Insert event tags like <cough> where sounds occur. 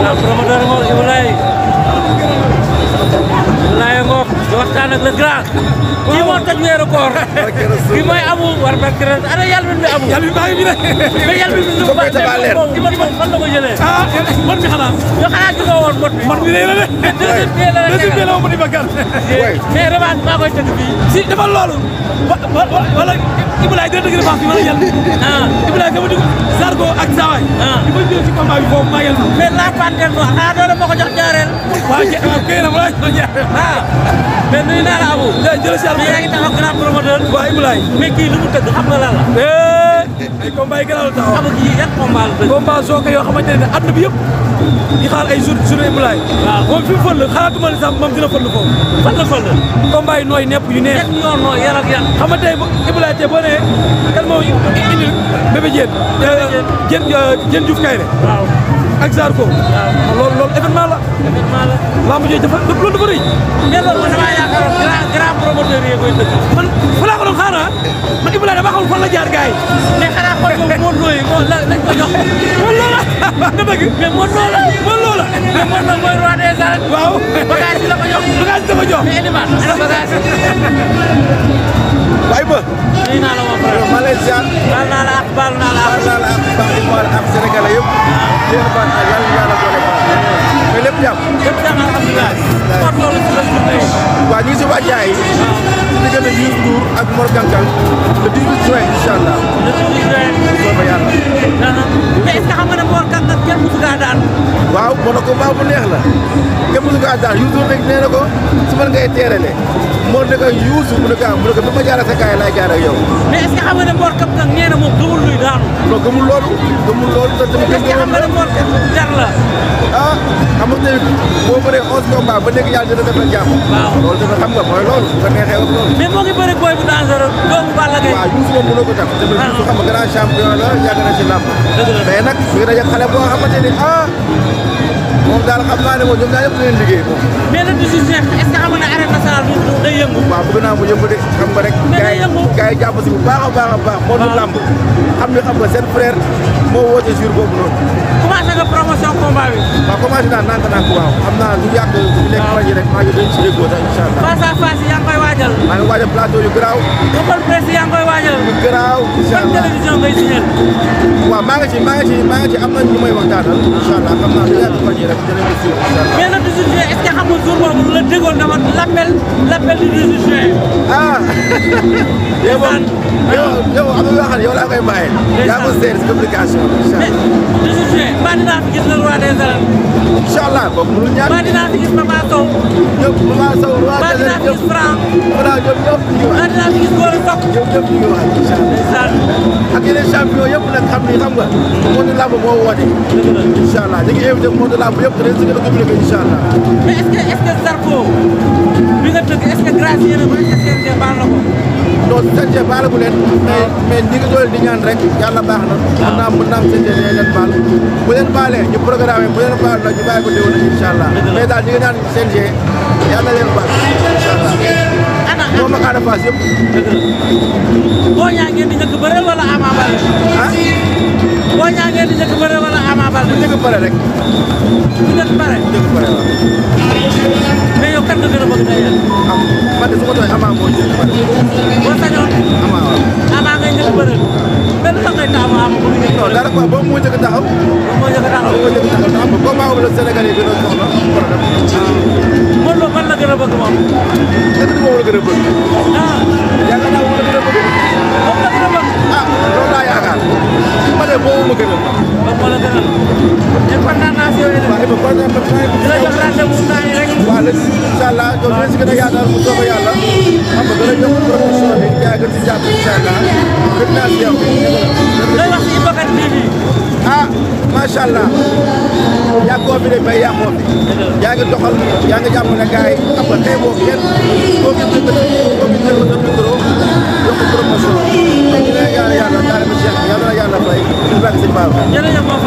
Promotor Mulai Mulai Mulai waxtaan ak le grand. waaw kii moo toj koor. <laughs> kii mooy amu war ba keroog ana yàlla mi amu. yàlla mi baa ngi nii mi ñu ko ah, bàyyi <laughs> mais mi xanaa. ñu xanaa ci ko woon mot mi. mot mi lay la maa koy tëgg si defal loolu. wa wala Ibulaay dina dëgg revanche bi wala yàlla. ah Ibulaay sama dugub Zarko ak Saawaay. ah li ma jël ci combat bi foofu maa yàlla. mais la pantel noir xanaa doole moo ko jox ñaareel. waaw kay na ma la jox mais nuyu naa la Abu. jërëjëf Charles mais yaa ngi taxaw grand promoteur. waaw Ibrahima mais kii lu mu tëgg xam nga lan la. Eh, ay combat yi gën a la taxaw. amu kii yan combat la tëgg. combat yoo xamante ne àdduna bi yëpp di xaar ay jour journée Ibrahima. waaw fi mu fël xalaatuma ne sax moom dina fël la fël. combat nooy nepp yu neex. yan ñoo nooy yan ak yan. xam nga tey bu Ibrahima tey euh, euh, Kayre. ak Zarko ah, loolu événement la événement la lamb jooju dafa dëpp loolu dafa rëy mais loolu man grand grand promoteur yi koy dëgg man fa laa ko doon xaar ah. man Ibrahima dama xamul fan la jaar gars yi mais xanaa xool ko moo looyu la ko jox moo loola <laughs> nga dëgg mais moo loola moo loola mais roi des waaw bagage la ko jox bagage jox mais bagage ba la la tax Ivoire ak Sénégalais yëpp. yéen a baal yàlla yàlla boole baal. mais lépp jàpp. lépp jàpp alhamdulilah. nga ne Mor Gankan kenn musu na ko baax bu neex la. kenn musu kaa daan Youssou rek ko su ma ngay teerale. ne ko ah mu ne ko ba ma jaarale sa kaay Mor Kang Kang nee na moom gëmul luy daanu. non gëmul loolu. gëmul loolu te tamit gëm gëmul la Mor Kang Kang jar la. ah xam nga boo bëree 11 combats ba nekk yàlla dina def la jàmm. waaw loolu tamit xam nga mooy loolu. da ngay xew loolu. mais moo ngi bëri booy bu dangereux doomu Balla Gaye. waaw Youssou moom mënoo ko tax. Ah. tamit Youssou xam nga grand champion la yàgg na ci làmb. dëgg la mais nag su ñu xale boo xamante ni ah. moom daal xam naa ne moom ñoom daal yëpp leen liggéey moom. mais le 18 juin na arène nationale bu day yëngu. waaw bëgg naa mu yëngu de xam nga rek. mais day yëngu si bu baax a baax a baax. waaw moo ñu làmb xam ne xam nga seen frère moo woote jour boobu noonu. commencé nga promotion combat bi. waaw commencé naa nànk nànk waaw am naa lu yàgg lu nekk fan yii rek maa ngi doon si déggoo sax incha allah. face à face yaa ngi koy waajal. maa ngi waajal plateau yu garaaw. open press yaa ngi koy waajal. yu garaaw incha allah ban télévision ngay signal. waaw maa ngi ci maa ngi ci maa ngi ci am na ñu may waxtaanal. incha allah xam naa lu yàgg fan yii rek dinañ ko suivre incha allah. mais le 18 juin est-ce que xam nga jour boobu la déggoon dama l'appel l'appel du 18 juin. ah. <laughs> yow moom yow yow am na loo xam ne yow laa koy bàyyi. yaa ko seet si communication bi incha allah. mais je suis mbaa dinaa fi gis le roi des arènes. incha allah boobu mënul ñaar mbaa dinaa fi gis Papa Sow. ñëpp Papa Sow roi des arènes ñëpp mbaa dinaa fi gis Franc. ak yeneen champion yëpp nag xam ni xam nga. Modou Lamb moo woote. incha allah ñu ngi invité Modou Lamb yëpp dinañ si gën a communiqué incha allah. mais est ce que est ce que Zarko bi nga tëgg est ce que grâce yéen a ko est ce que CNG baal na ko. non CNG baalagu leen. mais mais ñi ngi doole di ñaan rek yàlla baax na. waaw ah. mën naa mën naa leen baal bu leen baalee ñu programme bu leen baal la ñu bàyyi ko déwén incha allah. daal ñi ngi ñaan CNG yàlla leen baal incha allah. moom ak Ada Fass yëpp. dëgg la boo ñaa ngeen di njëkk ah? rek. kan nga gën a bëgg ngay yàq. am man de su ma tooyee amaa moo jël bëri. boo sañoon. amaa waaw amaa ngay njëkk bëri. mais lu tax ngay taamu aama bu ñu. non dara quoi boobu moo njëkk a taxaw. boobu moo njëkk a taxaw boobu moo njëkk a taxaw ndax combat boobu la Sénégal yi gën a soxla problème. waaw man la man la gën a bëgg moom. est-ce que du ma war a gën a bëgg. ah. loolu si gën a yaatal bu soobee yàlla xam nga dana yokk production bi gars yi gën si jàpp ah macha allah yàggoo de bay yàqoo fi yaa ngi doxal yaa ngi jàppale gars yi xam nga tey boo kenn boo ko jënd boo ko jënd sa micro yokk promotion bi. te ñu ne yàlla daal di ko jeex yàlla yàlla fay ñu baax